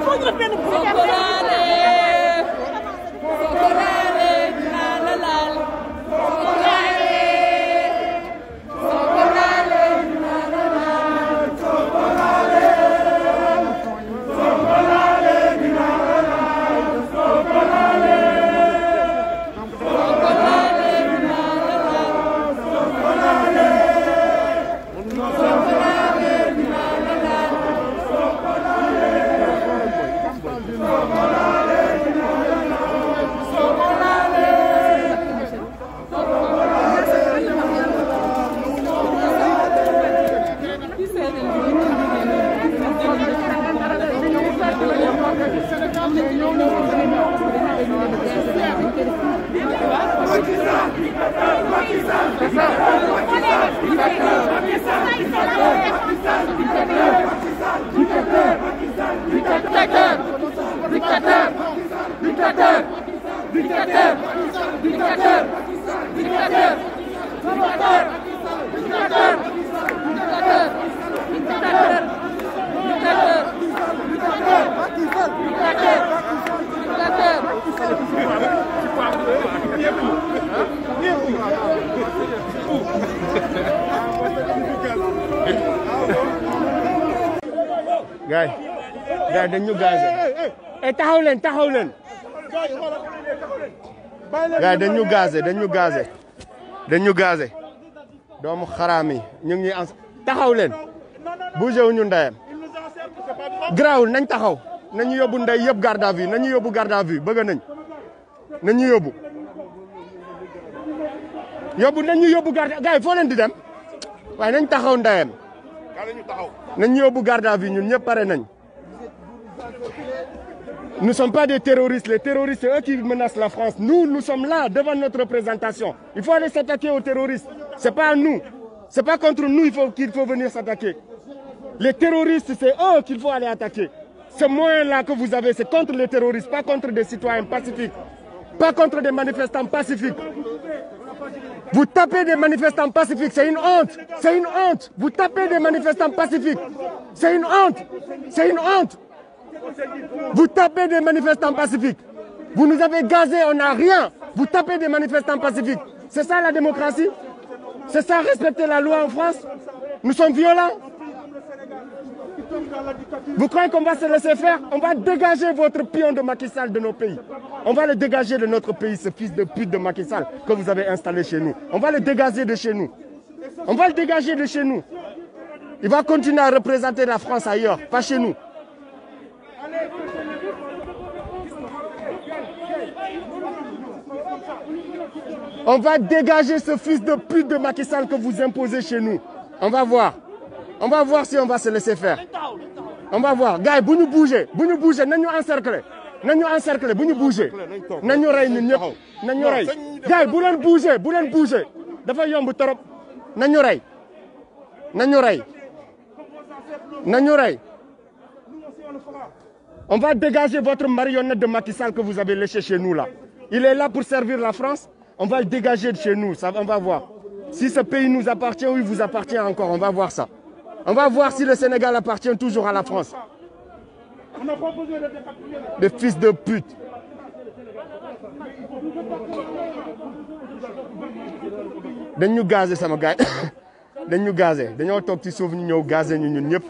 il faut ñu def benn groupe gaay gaay dañ ñu gazé eh taxaw leen taxaw leen gaay dañ ñu gazé doomu xaraam yi ñu ngi ans taxaw leen bougé wu ñu ndeyam grawul nañ taxaw nañu yóbbu ndey yëpp garde à vue nañu yóbbu garde à vue bëgg nañ nañu yóbbu yóbbu nañ ñu yóbbu garde gars yi foo leen di dem waaye nañu taxaw ndayam nañ ñu yóbbu garde à vue ñun ñëpp pare nañ nous ne sommes pas des terroristes les terroristes c'est eux qui menacent la France nous nous sommes là devant notre représentation il faut aller s'attaquer aux terroristes c'est pas à nous c'est pas contre nous il faut qu'il faut venir s'attaquer les terroristes c'est eux qu'il faut aller attaquer ce moyen-là que vous avez c'est contre les terroristes pas contre des citoyens pacifiques Vous tapez des manifestants pacifiques, c'est une honte, c'est une honte. Vous tapez des manifestants pacifiques, c'est une honte, c'est une honte. Vous tapez des manifestants pacifiques. Vous nous avez gazés, on n'a rien. Vous tapez des manifestants pacifiques. C'est ça la démocratie C'est ça respecter la loi en France Nous sommes violents Vous croyez qu'on va se laisser faire On va dégager votre pion de Macky Sall de nos pays. On va le dégager de notre pays, ce fils de pute de Macky que vous avez installé chez nous. On va le dégager de chez nous. On va le dégager Il va continuer à représenter la France ailleurs, pas chez nous. On va dégager ce fils de pute de Macky que vous imposez chez nous. On va voir. on va voir si on va se laisser faire on va voir gars bu ñu bouger bu ñu bouger nañ ñu encercler nañ ñu encercler bu ñu bouger na ñu rey ñun ñëpp nañ ñu rey gars bu leen bouger bu leen bouger dafa yomb trop na ñu rey nañ ñu rey nañ ñu rey on va dégager votre marionnette de Macky Sall que vous avez léché chez nous la il est là pour servir la France on va le dégager de chez nous si ce pays nous appartient ou vous appartient encore on va voir ça On va voir si le Sénégal appartient toujours à la France. de fils de pute. dañ ñu gazé sama gars dañ ñu gazé dañoo toog ci suuf ñu ñëw gazé ñu ñun ñëpp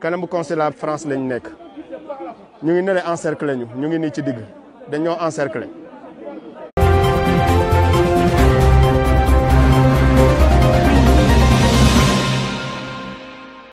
kanamu consulat France lañ nekk ñu ngi ne la encerclé ñu ñu ngi nii ci digg dañoo encerclé.